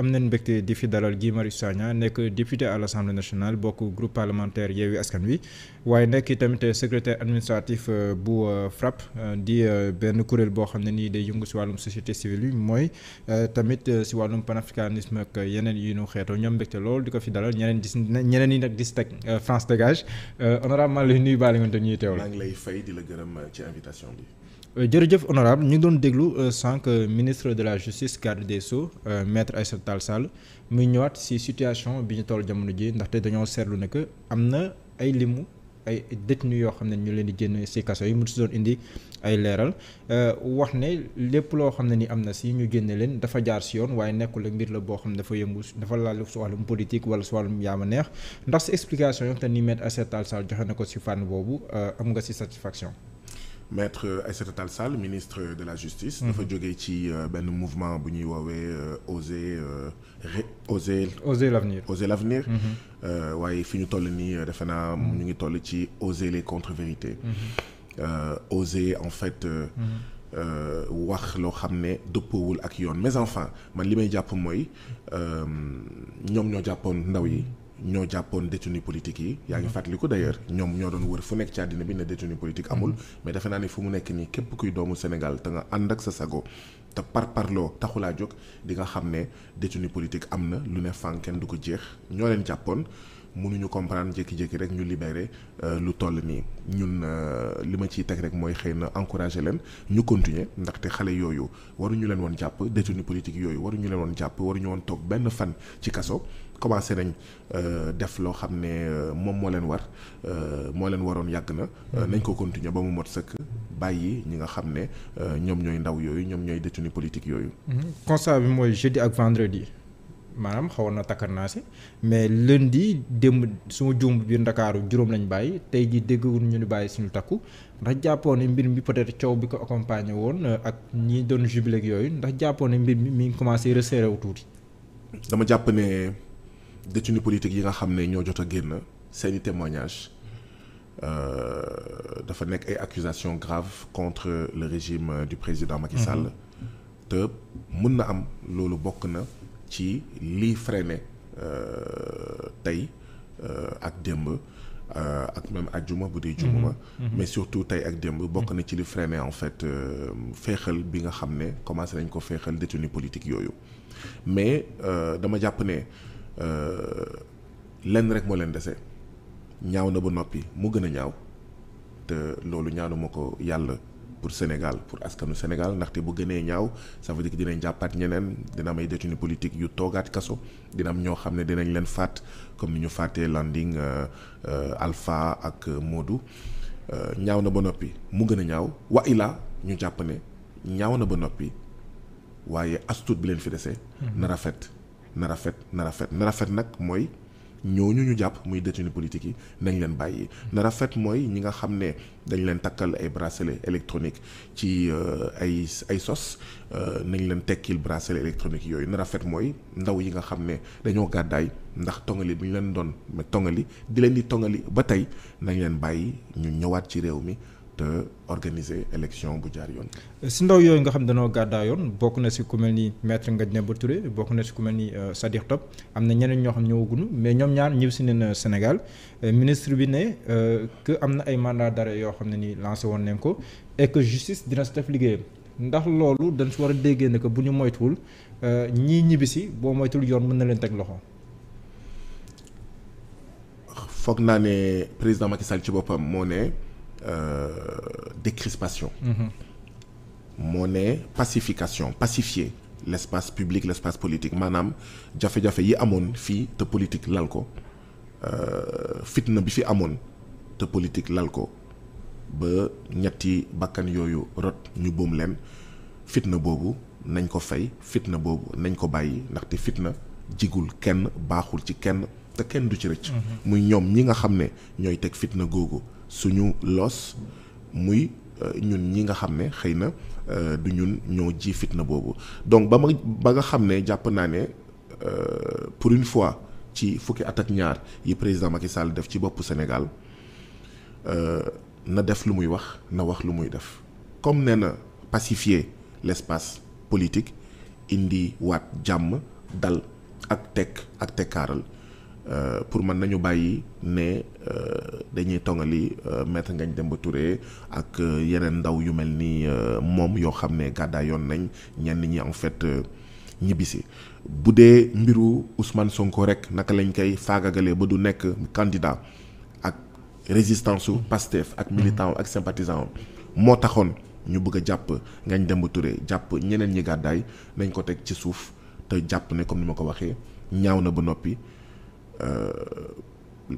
am nañ mbégte di fi dalal Guy Marius Sagna nekk député à l' assemblée nationale bokk groupe parlementaire Yewwi Askan Wi waaye nekk tamit secrétaire administratif euh, bu euh, FRAPP euh, di benn kuréel boo xam ne nii day yëngu si wàllum société civile yi mooy tamit si wàllum panafricanisme ak yeneen yu nu xeetoo ñoom mbégte lool di ko fi dalal ñeneen dis ñeneen yi nag dis teg France dégage honorablement li nuyu baale nga te ñuy teew la. lay fay di la gërëm ci invitation bi. Euh, jërëjëf honorable ñu ngi doon déglu euh, sànq ministre de la justice garde des sceaux euh, maître sa Tall Sall muy ñëwaat ci situation bi ñu toll jamono ji ndaxte dañoo seetlu ne am na ay limu ay détenus yoo xam ne ñu leen di génn ci kaso yi mu si doon indi ay leeral wax ne lépp loo xam ne ni am na ci ñu génne leen dafa jaar ci yoon waaye nekkul mbir la boo xam ne dafa yëngu dafa laal su wàllum politique walla su wàllum yaama neex ndax ci explication yoo xam ne ni maître Aïssata Tall Sall joxe na ko ci fànn boobu am nga ci satisfaction. maître Aïssata Tall Sall ministre de la justice. Mhm. dafa jógee ci euh, benn mouvement bu ñuy woowee euh, oser euh, ré oser. oser l'avenir oser l'avenir. Mhm. waaye fi ñu toll nii defe naa mhm. ñu ngi toll ci oser les contre-vérités. oser en fait. wax loo xam ne dëppoowul ak yoon mais enfin man li may jàpp mooy ñoom ñoo jàppoon ndaw yi. ñoo jàppoon détenu politique yi yaa ngi mm-hmm. fàttaliku d'ailleurs ñoom ñoo doon wër fu nekk ci àddina bi ne détenu politique amul mm-hmm. mais defe naa ni fu mu nekk nii képp kuy doomu Sénégal te nga ànd ak sa sago te par parloo taxulaa jóg di nga xam ne détenu politique am na lu ne fànken du ko jeex ñoo leen jàppoon mënuñu comprendre jékki-jékki rek ñu libéré euh, lu toll nii ñun euh, li ma ciy teg rek mooy xëy na encouragé leen ñu continuer ndaxte xale yooyu waruñu leen woon jàpp détenu politique yooyu waruñu leen woon jàpp waruñu woon toog benn fan ci kaso commencé nañ euh, def loo xam ne moom moo leen war moo leen waroon yàgg na nañ ko continuer ba mu mot sëkk bàyyi ñi nga xam ne ñoom ñooy ndaw yooyu ñoom ñooy détenu politique yooyu mm-hmm. constat bi mooy jeudi ak vendredi maanaam xawoon na takkar naa si mais lundi démb suma ma juum biir ndakaaru juróom lañu bàyyi tey jii dégguñu ñu ni bàyyi suñu takku ndax jàppoon ne mbir mi peut-être coow bi ko accompagné woon euh, ak ñi doon jubilé yooyu ndax jàppoon ne mbir mi mi ngi commencé resserré wu tuuti. dama jàpp ne détenu politique yi nga xam ne ñoo jot a génn seeni témoignage euh, dafa nekk ay accusations graves contre le régime du président Macky Sall. Mm-hmm. te mën na am loolu bokk na. ci lii freiné euh, tey euh, ak démb euh, ak même ajjuma bu dee jumuma mm-hmm. mm-hmm. mais surtout tey ak démb bokk na mm-hmm. ci li freiné en fait féexal bi nga xam ne commencé nañ ko féexal détenu politique yooyu mais dama jàpp ne lenn rek moo leen dese ñaaw na ba noppi mu gën a ñaaw te loolu ñaanu ma ko yàlla pour Sénégal pour askanu Sénégal ndaxte bu gënee ñaaw ça veut dire que dinañ jàppaat ñeneen dina am ay détenus politique yu toogaat kaso dinam ñoo xam ne dinañ leen faat comme ni ñu faatee Landing euh, euh, Alpha ak euh, Modou ñaaw na ba noppi mu gën a ñaaw wa ilaa ñu jàpp ne ñaaw na ba noppi waaye astut bi leen fi dese. Hmm. na rafet na rafet na rafet na rafet nag mooy. ñooñu ñu ñu jàpp muy détenu politique yi nañ leen bàyyi na rafet mooy ñi nga xam ne dañ leen takkal ay bracelet électronique ci euh, ay ay sos euh, nañ leen tekkil bracelet électronique yooyu na rafet mooy ndaw yi nga xam ne dañoo gàddaay ndax tongali bi ñu leen doon tongali di leen di tongali ba tey nañ leen bàyyi ñu ñëwaat ci réew mi te organiser élection bu jaar yoon. si ndaw yooyu nga xam ne dañoo gàddaa bokk na si ku mel ni maître Ngagne Touré bokk na si ku mel ni euh, Sadikh Top am na ñeneen ñoo xam ñëwaguñu mais ñoom ñaar ñëw si neen euh, Sénégal euh, ministre bi ne que am na ay mandat d'arrêt yoo xam ne ni lancé woon nañ ko et justice dina si def liggéeyam ndax loolu dañ si war a déggee ne que bu ñu moytuwul ñii ñibbisi boo moytuwul yoon mën na leen teg loxo. foog naa ne président Macky Sall ci boppam moo Euh, décrispation. Mhm. moo ne pacification pacifier lespace espace public l' espace politique maanaam jafe-jafe yi amoon fii te politique lal ko euh, fitna bi fi amoon te politique ko ba ñetti bakkan yooyu rot ñu boom leen fitna boobu nañ ko fay fitna boobu nañ ko bàyyi ndaxte fitna jigul kenn baaxul ci kenn te kenn du ci rëcc. Mhm. muy ñoom ñi nga xam ne ñooy teg fitna googu. suñu loos muy euh, ñun ñi nga xam ne xëy na euh, du ñun ñoo ji fitna boobu donc ba ma ba nga xam ne jàpp naa ne euh, pour une fois ci fukki at ak ñaar yi président Macky Sall def ci boppu Sénégal na def lu muy wax na wax lu muy def comme nee na pacifier l'espace politique indi waat jàmm dal ak tek ak tekkaaral Euh, pour man nañu bàyyi ne euh, dañuy tongali euh, ngañ dem ba Touré ak yeneen ndaw yu mel ni moom yoo xam ne gàddaa yoon nañ ñenn ñi en fait ñibbisi bu dee mbiru Ousmane Sonko rek naka lañ koy faagagalee ba du nekk candidat ak résistance su Pastef ak mhm. militant ak sympathisant moo taxoon ñu bëgg a jàpp dem ba Touré jàpp ñeneen ñi gàddaay nañ ko teg ci suuf te jàpp ne comme ni ma ko waxee ñaaw na ba noppi. Euh,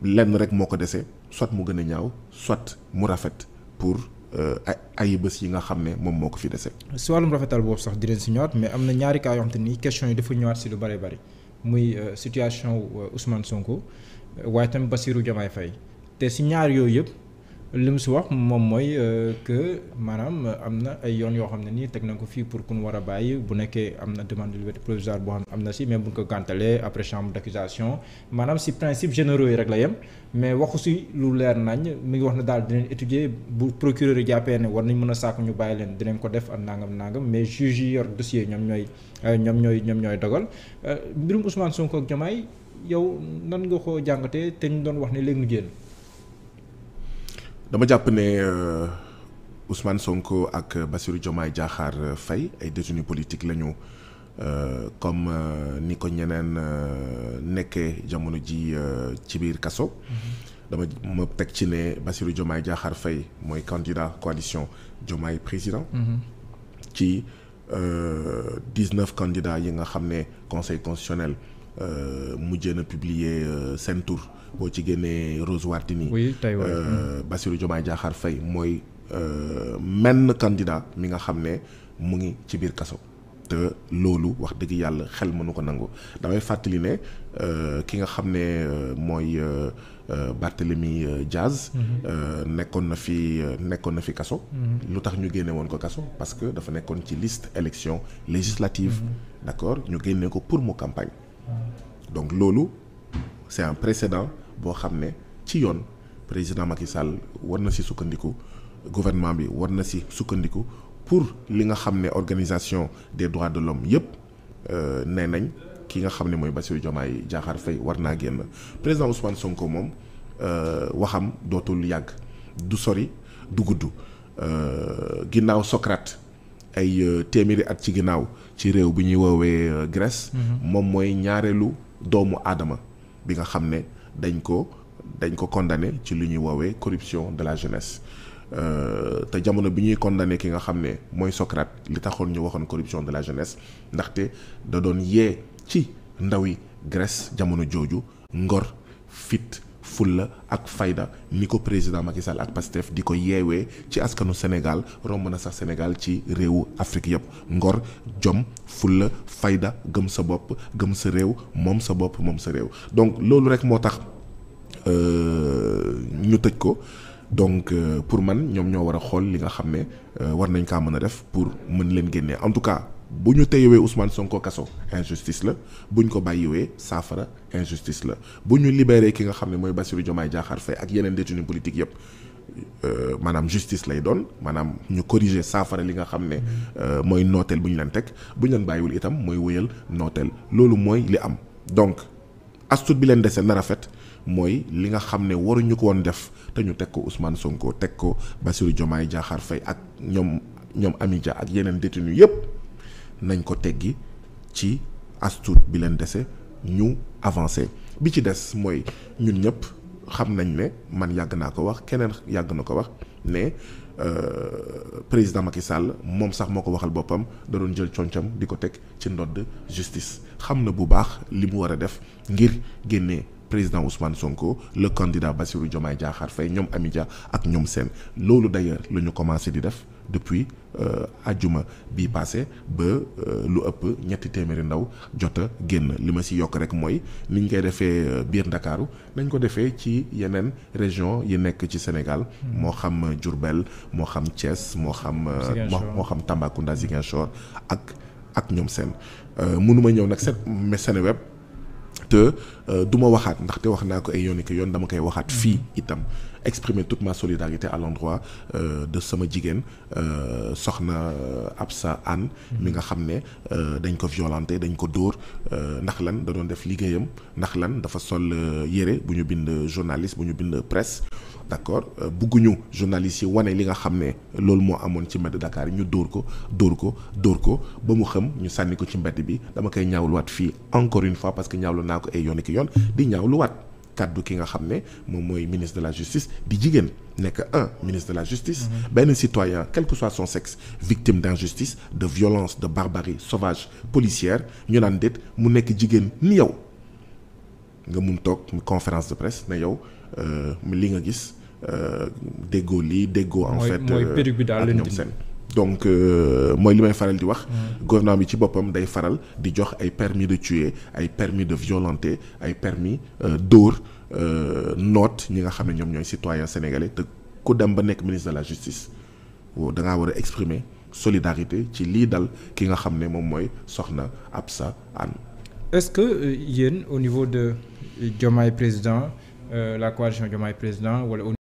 lenn rek moo ko dese soit mu gën a ñaaw soit mu rafet pour euh, ay bés yi nga xam ne moom moo ko fi dese. si wàllum rafetal boobu sax di si ñëwaat mais am na ñaari cas te ni question yi dafa ñëwaat si lu bare bari muy euh, situation Ousmane Sonko waaye tamit Bassirou Diomaye fay te si ñaar yooyu yëpp. li mu si wax moom mooy euh, que maanaam am na ay yoon yoo xam ne nii teg na ko fii pour ku ñu war a bàyyi bu nekkee am na demande de liberté provisoire boo xam ne am na si mais bu ñu ko gàntalee après chambre d'accusation maanaam si principe généraux yi rek la yem mais waxu si lu leer nañ mi ngi wax ne daal dina étudier bu procureur yi jàppee ne war nañ mën a sàkk ñu bàyyi leen dinañ ko def ak nangam nangam mais juge yi yor dossier ñoom ñooy euh, ñoom ñooy ñoom ñooy dogal euh, mbirum Ousmane Sonko ak Diomaye yow nan nga ko jàngatee te ñu doon wax ne léegi ñu génn. dama jàpp ne euh, Ousmane Sonko ak euh, Bassirou Diomaye Diakhar euh, Faye ay détenus politiques lañu comme ni ko ñeneen nekke jamono ji ci biir kaso. Mm-hmm. dama ma teg ci ne Bassirou Diomaye Diakhar Faye mooy candidat coalition Diomaye président. Mm-hmm. ci dix-neuf candidats yi nga xam ne conseil constitutionnel mujjee na publier seen tour boo ci génnee Rose Wardini. oui tey euh, Bassirou Diomaye Diakhar Faye mooy euh, menn candidat mi nga xam ne mu ngi ci biir kaso. te loolu wax dëgg yàlla xel mënu ko nangu damay fàttali ne euh, ki nga xam ne mooy Barthélemy Diaz. Mhm. nekkoon na fi nekkoon na fi kaso. Mhm. lu tax ñu génne woon ko kaso parce que dafa nekkoon ci liste élection législative. Mhm. d'accord ñu génnee ko pour mu campagne. Ah. donc loolu c'est un précédent boo xam ne ci yoon président Macky Sall war na si sukkandiku gouvernement bi war na si sukkandiku pour li nga xam ne organisation des droits de l'homme yëpp euh, ne nañ ki nga xam ne mooy Bassirou Diomaye Diakhar Faye war naa génn président Ousmane Sonko moom euh, waxam dootul yàgg du sori du gudd euh, ginnaaw Socrate ay téeméeri at ci ginnaaw ci réew bi ñuy woowee Grèce mhm. moom mooy ñaareelu doomu aadama bi nga xam ne dañ ko dañ ko condamné ci lu ñuy woowee corruption de la jeunesse euh, te jamono bi ñuy condamné ki nga xam ne mooy Socrate li taxoon ñu waxoon corruption de la jeunesse ndaxte da doon yee ci ndawi Grèce jamono jooju ngor fit fulla ak fayda ni ko président Macky Sall ak Pastef di ko yeewee ci askanu Sénégal romb na sax Sénégal ci réewu Afrique yëpp ngor jom fulla fayda gëm sa bopp gëm sa réew moom sa bopp moom sa réew donc loolu rek moo tax euh, ñu tëj ko donc euh, pour man ñoom ñoo war a xool li nga xam ne euh, war nañ kaa mën a def pour mën leen génnee en tout cas bu ñu téyewee Ousmane Sonko kaso injustice la bu ñu ko bàyyiwee saafara injustice la bu ñu libéré ki nga xam ne mooy Bassirou Diomaye Diakhar Faye ak yeneen détenu politique yëpp euh, maanaam justice lay doon maanaam ñu corriger saafara li nga xam ne euh, mooy nooteel bu ñu leen teg bu ñu leen bàyyiwul itam mooy wéyal nooteel loolu mooy li am donc astut bi leen dese na mooy li nga xam ne waruñu ko def te teg ko Ousmane Sonko teg ko Bassirou Diomaye Diakhar Faye ak ñoom ñoom Amidia ak yeneen détenu yëpp nañ ko teggi ci astuut bi leen desee ñu avancé bi ci des mooy ñun ñëpp xam nañ ne man yàgg naa ko wax keneen yàgg na ko wax ne euh, président Macky Sall moom sax moo ko waxal boppam da doon jël concam di ko teg ci ndodd justice xam na bu baax li mu war a def ngir génnee président Ousmane Sonko le candidat Bassirou Diomaye Diakhar fay ñoom Amidia ak ñoom seen loolu d'ailleurs la ñu commencé di def depuis ajjuma euh, bii passé ba euh, lu ëpp ñetti téeméeri ndaw jot génn li ma si yokk rek mooy ni ñu koy defee euh, biir ndakaaru nañ ko defee ci yeneen région yi nekk ci Sénégal hmm. moo xam jurbel moo xam ces moo xam moo xam Tambacounda Ziguinchor ak ak ñoom seen mënuma ñëw nag seen Seneweb te euh, du ma waxaat ndaxte wax naa ko ay yoon i yoon dama koy waxaat mm-hmm. fii itam exprimer toute ma solidarité à l'endroit euh, de sama jigéen euh, soxna ab sa Anne mm-hmm. mi nga xam ne dañ ko violenté dañ ko dóor ndax lan da doon def liggéeyam ndax lan dafa sol yére bu ñu bind journaliste bu ñu bind presse d' accord euh, bugguñu journalistes yi wane li nga xam ne loolu moo amoon ci mbedd Dakar yi ñu dóor ko dóor ko dóor ko ba mu xam ñu sànni ko ci mbedd bi dama koy ñaawluwaat fii encore une fois parce que ñaawlu naa ko ay yoon ki yoon di ñaawluwaat kàddu ki nga xam ne moom mooy ministre de la justice di jigéen nekk un ministre de la justice mm-hmm. benn citoyen quel que soit son sexe victime d'injustice de violence de barbarie sauvage policière ñu naan déet mu nekk jigéen yow nga mun toog conférence de presse ne yow euh, li nga gis Euh, déggoo lii déggoo. en fait euh, ak ñoom seen donc euh, mooy li may faral di wax. Mm. gouvernement bi ci boppam day faral di jox ay permis de tuer ay permis de violenter ay permis dóor noot ñi nga xam ne ñoom ñooy citoyen sénégalais te ku dem ba nekk ministre de la justice da ngaa war a exprimer solidarité ci lii dal ki nga xam ne moom mooy soxna Absa Anne. est-ce que yéen au niveau de jomaay président la coalition Diomaye président wala.